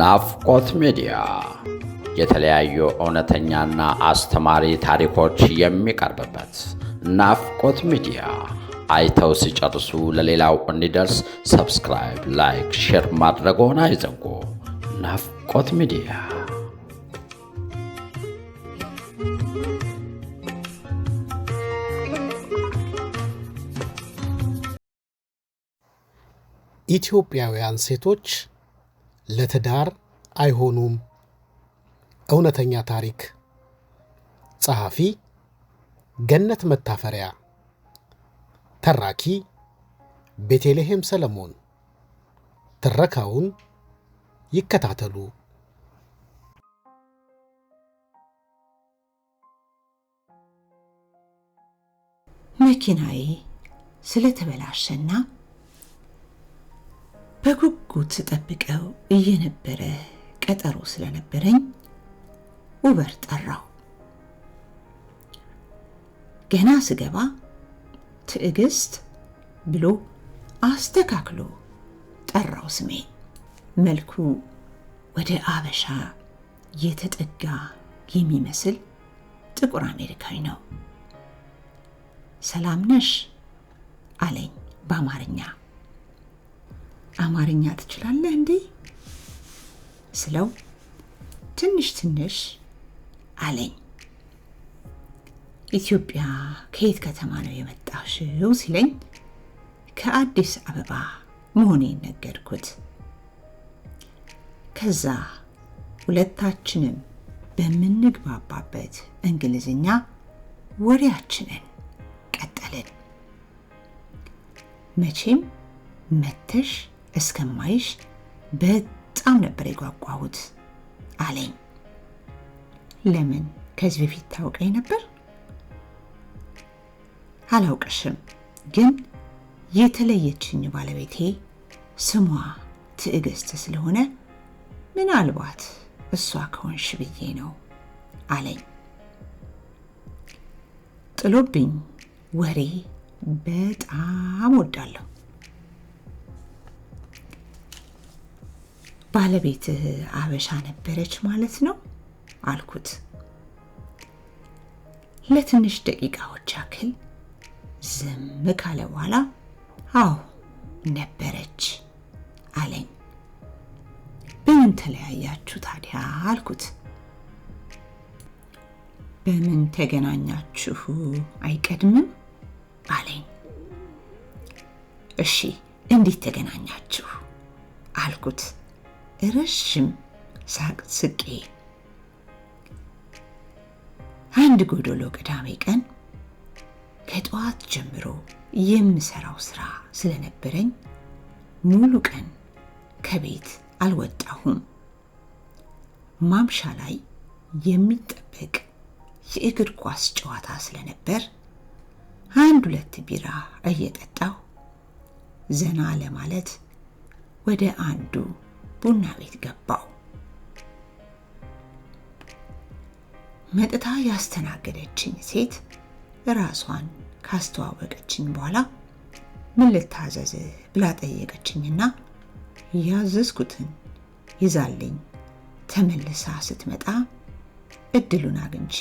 ናፍቆት ሚዲያ የተለያዩ እውነተኛና አስተማሪ ታሪኮች የሚቀርብበት ናፍቆት ሚዲያ። አይተው ሲጨርሱ ለሌላው እንዲደርስ ሰብስክራይብ፣ ላይክ፣ ሼር ማድረግዎን አይዘንጉ። ናፍቆት ሚዲያ ኢትዮጵያውያን ሴቶች ለትዳር አይሆኑም እውነተኛ ታሪክ ጸሐፊ ገነት መታፈሪያ ተራኪ ቤቴልሔም ሰለሞን ትረካውን ይከታተሉ መኪናዬ ስለተበላሸና በጉጉት ስጠብቀው እየነበረ ቀጠሮ ስለነበረኝ ውበር ጠራው። ገና ስገባ ትዕግስት ብሎ አስተካክሎ ጠራው ስሜ። መልኩ ወደ አበሻ የተጠጋ የሚመስል ጥቁር አሜሪካዊ ነው። ሰላም ነሽ አለኝ በአማርኛ። አማርኛ ትችላለህ እንዴ ስለው ትንሽ ትንሽ አለኝ። ኢትዮጵያ ከየት ከተማ ነው የመጣሽው ሲለኝ ከአዲስ አበባ መሆኔን ነገርኩት። ከዛ ሁለታችንም በምንግባባበት እንግሊዝኛ ወሬያችንን ቀጠልን። መቼም መተሽ እስከማይሽ በጣም ነበር የጓጓሁት አለኝ። ለምን ከዚህ በፊት ታውቀኝ ነበር? አላውቀሽም? ግን የተለየችኝ ባለቤቴ ስሟ ትዕግስት ስለሆነ ምናልባት እሷ ከሆንሽ ብዬ ነው አለኝ። ጥሎብኝ ወሬ በጣም ወዳለሁ። ባለቤትህ አበሻ ነበረች ማለት ነው አልኩት። ለትንሽ ደቂቃዎች ያክል ዝም ካለ በኋላ አዎ ነበረች አለኝ። በምን ተለያያችሁ ታዲያ አልኩት። በምን ተገናኛችሁ አይቀድምም አለኝ። እሺ እንዴት ተገናኛችሁ አልኩት። ረዥም ሳቅ ስቄ አንድ ጎዶሎ ቅዳሜ ቀን ከጠዋት ጀምሮ የምሰራው ስራ ስለነበረኝ ሙሉ ቀን ከቤት አልወጣሁም። ማምሻ ላይ የሚጠበቅ የእግር ኳስ ጨዋታ ስለነበር አንድ ሁለት ቢራ እየጠጣሁ ዘና ለማለት ወደ አንዱ ቡና ቤት ገባው። መጥታ ያስተናገደችኝ ሴት ራሷን ካስተዋወቀችኝ በኋላ ምን ልታዘዝ ብላ ጠየቀችኝና ያዘዝኩትን ይዛልኝ ተመልሳ ስትመጣ እድሉን አግኝቼ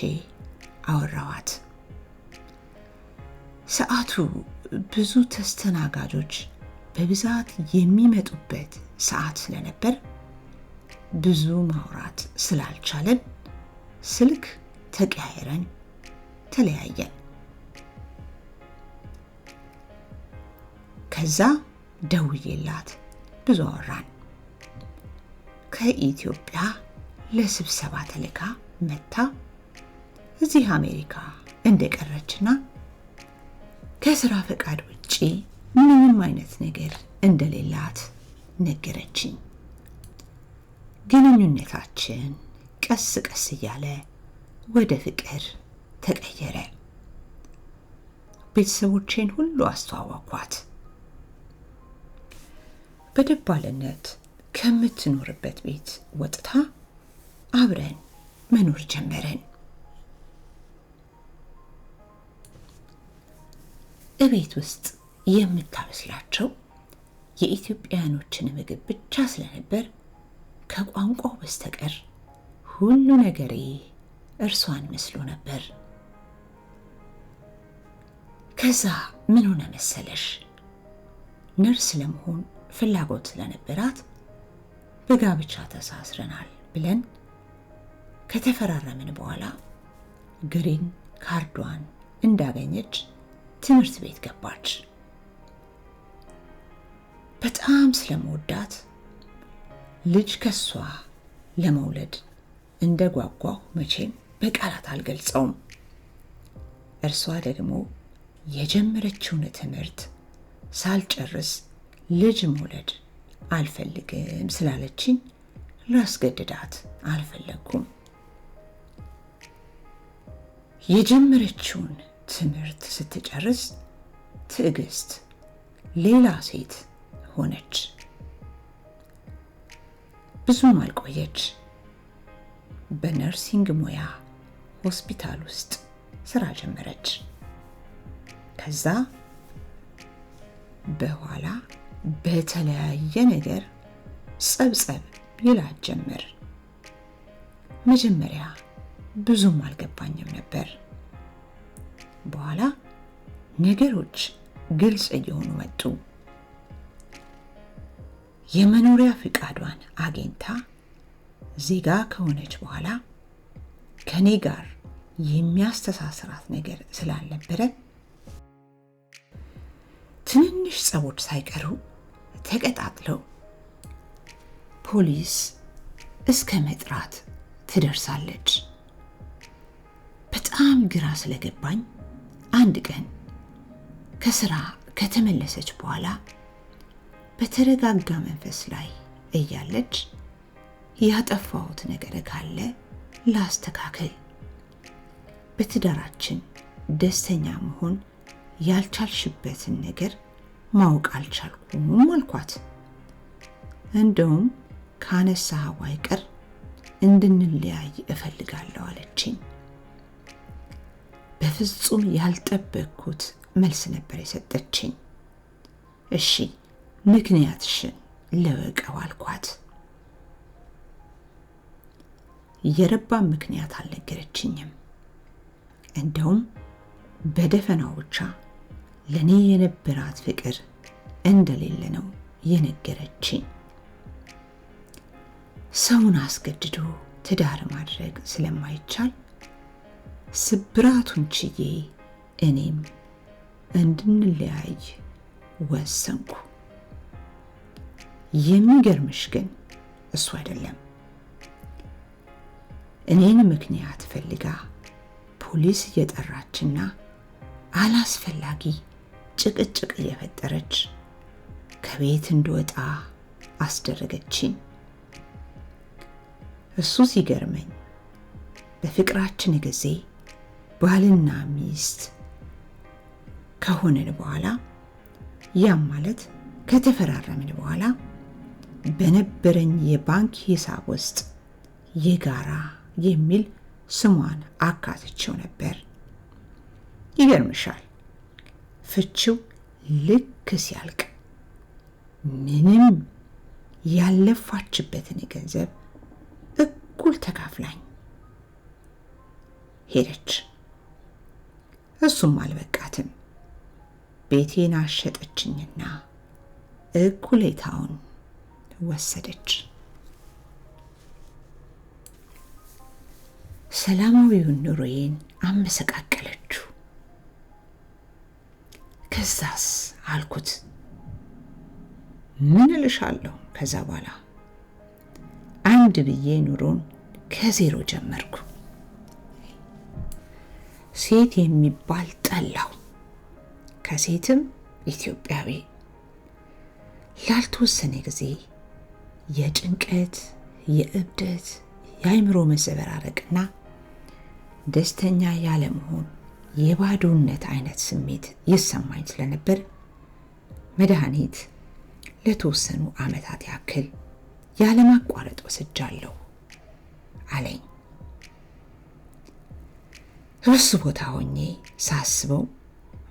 አወራዋት። ሰዓቱ ብዙ ተስተናጋጆች በብዛት የሚመጡበት ሰዓት ስለነበር ብዙ ማውራት ስላልቻለን ስልክ ተቀያይረን ተለያየን። ከዛ ደውዬላት ብዙ አወራን። ከኢትዮጵያ ለስብሰባ ተልካ መታ እዚህ አሜሪካ እንደቀረችና ከስራ ፈቃድ ውጪ ምንም አይነት ነገር እንደሌላት ነገረችኝ። ግንኙነታችን ቀስ ቀስ እያለ ወደ ፍቅር ተቀየረ። ቤተሰቦቼን ሁሉ አስተዋወኳት። በደባልነት ከምትኖርበት ቤት ወጥታ አብረን መኖር ጀመረን። እቤት ውስጥ የምታበስላቸው የኢትዮጵያውያኖችን ምግብ ብቻ ስለነበር ከቋንቋው በስተቀር ሁሉ ነገሬ እርሷን መስሎ ነበር። ከዛ ምን ሆነ መሰለሽ፣ ነርስ ለመሆን ፍላጎት ስለነበራት በጋብቻ ተሳስረናል ብለን ከተፈራረምን በኋላ ግሪን ካርዷን እንዳገኘች ትምህርት ቤት ገባች። በጣም ስለመወዳት ልጅ ከሷ ለመውለድ እንደ ጓጓሁ መቼም በቃላት አልገልጸውም። እርሷ ደግሞ የጀመረችውን ትምህርት ሳልጨርስ ልጅ መውለድ አልፈልግም ስላለችኝ ላስገድዳት አልፈለግኩም። የጀመረችውን ትምህርት ስትጨርስ ትዕግስት ሌላ ሴት ሆነች። ብዙም አልቆየች። በነርሲንግ ሙያ ሆስፒታል ውስጥ ስራ ጀመረች። ከዛ በኋላ በተለያየ ነገር ጸብጸብ ይላት ጀመር። መጀመሪያ ብዙም አልገባኝም ነበር። በኋላ ነገሮች ግልጽ እየሆኑ መጡ። የመኖሪያ ፍቃዷን አግኝታ ዜጋ ከሆነች በኋላ ከኔ ጋር የሚያስተሳስራት ነገር ስላልነበረ ትንንሽ ጸቦች ሳይቀሩ ተቀጣጥለው ፖሊስ እስከ መጥራት ትደርሳለች። በጣም ግራ ስለገባኝ አንድ ቀን ከስራ ከተመለሰች በኋላ በተረጋጋ መንፈስ ላይ እያለች ያጠፋሁት ነገር ካለ ላስተካከል፣ በትዳራችን ደስተኛ መሆን ያልቻልሽበትን ነገር ማወቅ አልቻልኩም አልኳት። እንደውም ካነሳኸው አይቀር እንድንለያይ እፈልጋለሁ አለችኝ። በፍጹም ያልጠበቅኩት መልስ ነበር የሰጠችኝ። እሺ ምክንያትሽን ልወቀው አልኳት። የረባ ምክንያት አልነገረችኝም። እንደውም በደፈናው ብቻ ለእኔ የነበራት ፍቅር እንደሌለ ነው የነገረችኝ። ሰውን አስገድዶ ትዳር ማድረግ ስለማይቻል ስብራቱን ችዬ እኔም እንድንለያይ ወሰንኩ። የሚገርምሽ ግን እሱ አይደለም። እኔን ምክንያት ፈልጋ ፖሊስ እየጠራችና አላስፈላጊ ጭቅጭቅ እየፈጠረች ከቤት እንድወጣ አስደረገችኝ። እሱ ሲገርመኝ በፍቅራችን ጊዜ ባልና ሚስት ከሆነን በኋላ ያም ማለት ከተፈራረምን በኋላ በነበረኝ የባንክ ሂሳብ ውስጥ የጋራ የሚል ስሟን አካትቸው ነበር። ይገርምሻል ፍቺው ልክ ሲያልቅ ምንም ያለፋችበትን ገንዘብ እኩል ተካፍላኝ ሄደች። እሱም አልበቃትም። ቤቴን አሸጠችኝና እኩሌታውን ወሰደች። ሰላማዊውን ኑሮዬን አመሰቃቀለችው። ከዛስ አልኩት፣ ምን እልሻለሁ። ከዛ በኋላ አንድ ብዬ ኑሮን ከዜሮ ጀመርኩ። ሴት የሚባል ጠላው። ከሴትም ኢትዮጵያዊ ላልተወሰነ ጊዜ የጭንቀት የእብደት የአይምሮ መዘበራረቅና ደስተኛ ያለመሆን የባዶነት አይነት ስሜት ይሰማኝ ስለነበር መድኃኒት ለተወሰኑ ዓመታት ያክል ያለማቋረጥ ወስጃለሁ አለኝ። እርሱ ቦታ ሆኜ ሳስበው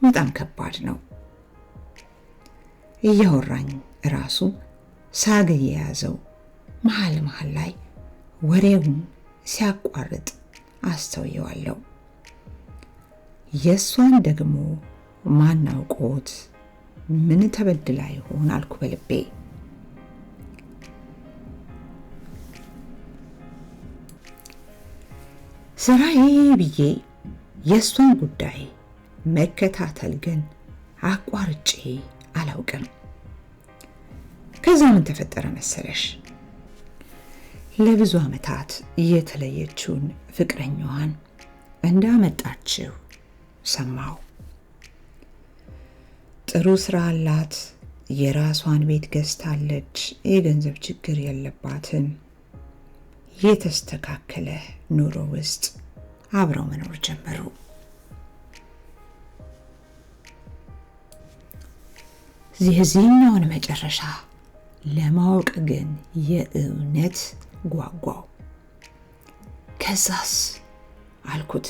በጣም ከባድ ነው። እያወራኝ ራሱ ሳግ የያዘው መሃል መሃል ላይ ወሬውን ሲያቋርጥ አስተውየዋለሁ። የእሷን ደግሞ ማናውቆት ምን ተበድላ ይሆን አልኩ በልቤ። ስራዬ ብዬ የእሷን ጉዳይ መከታተል ግን አቋርጬ አላውቅም። ከዛ ምን ተፈጠረ መሰለሽ? ለብዙ ዓመታት የተለየችውን ፍቅረኛዋን እንዳመጣችው ሰማው። ጥሩ ስራ አላት። የራሷን ቤት ገዝታለች። የገንዘብ ችግር የለባትም። የተስተካከለ ኑሮ ውስጥ አብረው መኖር ጀመሩ። የዚህኛውን መጨረሻ ለማወቅ ግን የእውነት ጓጓው። ከዛስ አልኩት።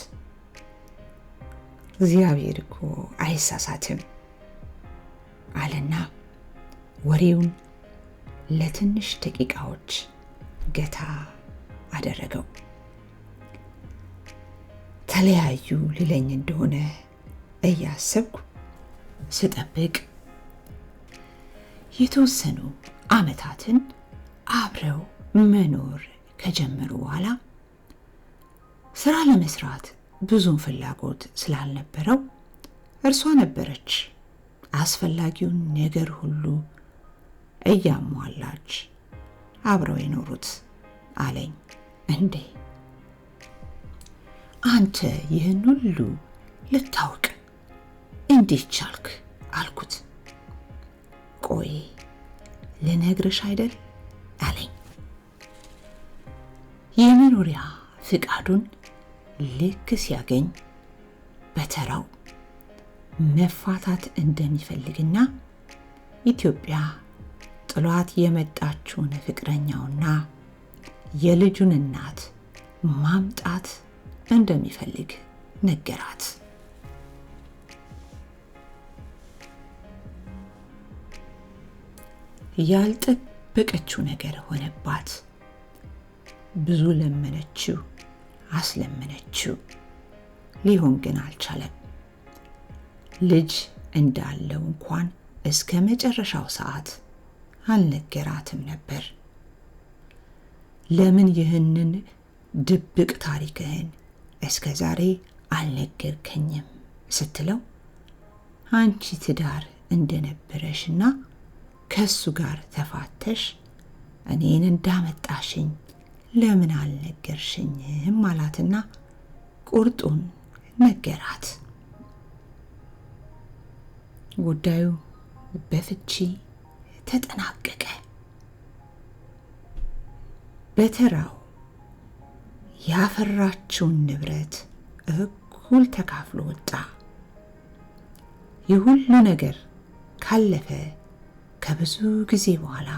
እግዚአብሔር እኮ አይሳሳትም አለና ወሬውን ለትንሽ ደቂቃዎች ገታ አደረገው። ተለያዩ ልለኝ እንደሆነ እያሰብኩ ስጠብቅ የተወሰኑ ዓመታትን አብረው መኖር ከጀመሩ በኋላ ስራ ለመስራት ብዙም ፍላጎት ስላልነበረው እርሷ ነበረች አስፈላጊውን ነገር ሁሉ እያሟላች አብረው የኖሩት አለኝ። እንዴ አንተ ይህን ሁሉ ልታውቅ እንዴት ቻልክ? አልኩት። ቆይ ልነግርሽ አይደል አለኝ። የመኖሪያ ፍቃዱን ልክ ሲያገኝ በተራው መፋታት እንደሚፈልግና ኢትዮጵያ ጥሏት የመጣችውን ፍቅረኛውና የልጁን እናት ማምጣት እንደሚፈልግ ነገራት። ያልጠበቀችው ነገር ሆነባት። ብዙ ለመነችው፣ አስለመነችው። ሊሆን ግን አልቻለም። ልጅ እንዳለው እንኳን እስከ መጨረሻው ሰዓት አልነገራትም ነበር። ለምን ይህንን ድብቅ ታሪክህን እስከ ዛሬ አልነገርከኝም ስትለው አንቺ ትዳር እንደነበረሽና ከእሱ ጋር ተፋተሽ እኔን እንዳመጣሽኝ ለምን አልነገርሽኝም? አላትና ቁርጡን ነገራት። ጉዳዩ በፍቺ ተጠናቀቀ። በተራው ያፈራችውን ንብረት እኩል ተካፍሎ ወጣ። የሁሉ ነገር ካለፈ ከብዙ ጊዜ በኋላ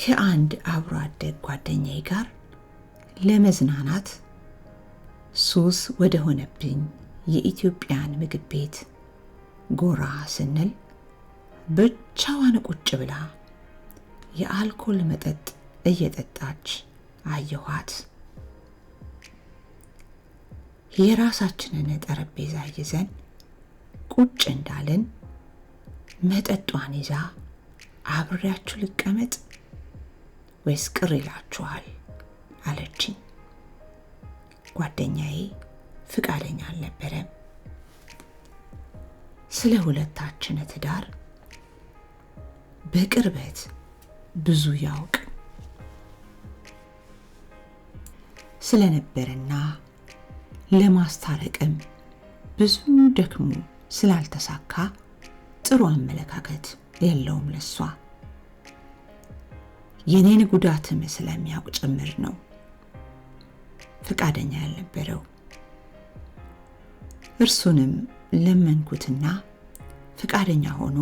ከአንድ አብሮ አደግ ጓደኛዬ ጋር ለመዝናናት ሱስ ወደ ሆነብኝ የኢትዮጵያን ምግብ ቤት ጎራ ስንል ብቻዋን ቁጭ ብላ የአልኮል መጠጥ እየጠጣች አየኋት። የራሳችንን ጠረጴዛ ይዘን ቁጭ እንዳለን። መጠጧን ይዛ አብሬያችሁ ልቀመጥ ወይስ ቅር ይላችኋል አለችኝ። ጓደኛዬ ፍቃደኛ አልነበረም። ስለ ሁለታችን ትዳር በቅርበት ብዙ ያውቅ ስለነበረና ለማስታረቅም ብዙ ደክሞ ስላልተሳካ ጥሩ አመለካከት የለውም ለሷ። የኔን ጉዳትም ስለሚያውቅ ጭምር ነው ፈቃደኛ ያልነበረው። እርሱንም ለመንኩትና ፈቃደኛ ሆኖ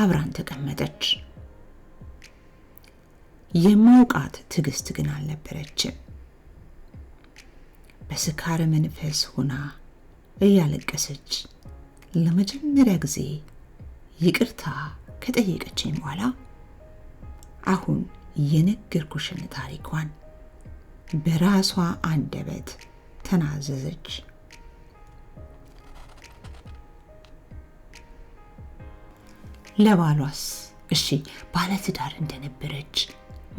አብራን ተቀመጠች። የማውቃት ትዕግስት ግን አልነበረችም። በስካር መንፈስ ሆና እያለቀሰች ለመጀመሪያ ጊዜ ይቅርታ ከጠየቀችኝ በኋላ አሁን የነገርኩሽን ታሪኳን በራሷ አንደበት ተናዘዘች። ለባሏስ? እሺ ባለትዳር እንደነበረች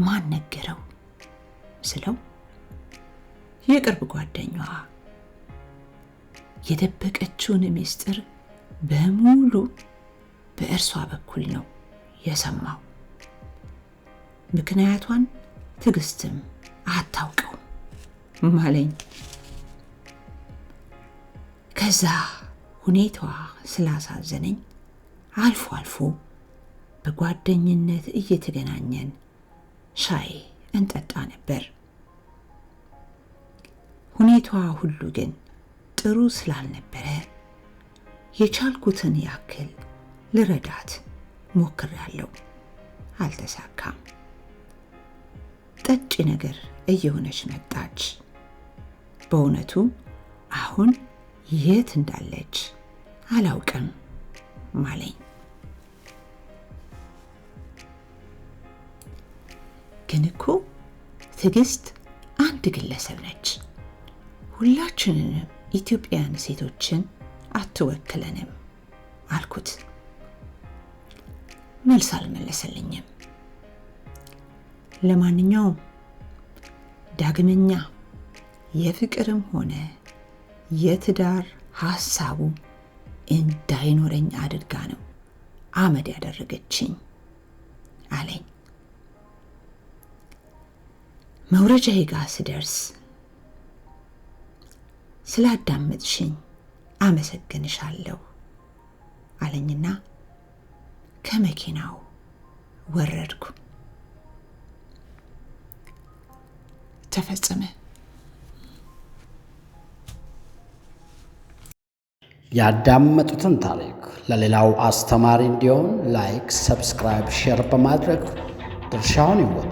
ማን ነገረው ስለው የቅርብ ጓደኛዋ የደበቀችውን ምስጢር በሙሉ በእርሷ በኩል ነው የሰማው። ምክንያቷን ትዕግስትም አታውቀውም ማለኝ። ከዛ ሁኔታዋ ስላሳዘነኝ አልፎ አልፎ በጓደኝነት እየተገናኘን ሻይ እንጠጣ ነበር። ሁኔታዋ ሁሉ ግን ጥሩ ስላልነበረ የቻልኩትን ያክል ልረዳት ሞክሬያለሁ፣ አልተሳካም። ጠጪ ነገር እየሆነች መጣች። በእውነቱ አሁን የት እንዳለች አላውቅም ማለኝ። ግን እኮ ትዕግስት አንድ ግለሰብ ነች። ሁላችንንም ኢትዮጵያውያን ሴቶችን አትወክለንም አልኩት። መልስ አልመለሰልኝም። ለማንኛውም ዳግመኛ የፍቅርም ሆነ የትዳር ሀሳቡ እንዳይኖረኝ አድርጋ ነው አመድ ያደረገችኝ አለኝ። መውረጃዬ ጋር ስደርስ ስላዳመጥሽኝ አመሰግንሻለሁ አለኝና ከመኪናው ወረድኩ። ተፈጸመ። ያዳመጡትን ታሪክ ለሌላው አስተማሪ እንዲሆን ላይክ፣ ሰብስክራይብ፣ ሼር በማድረግ ድርሻውን ይወጡ።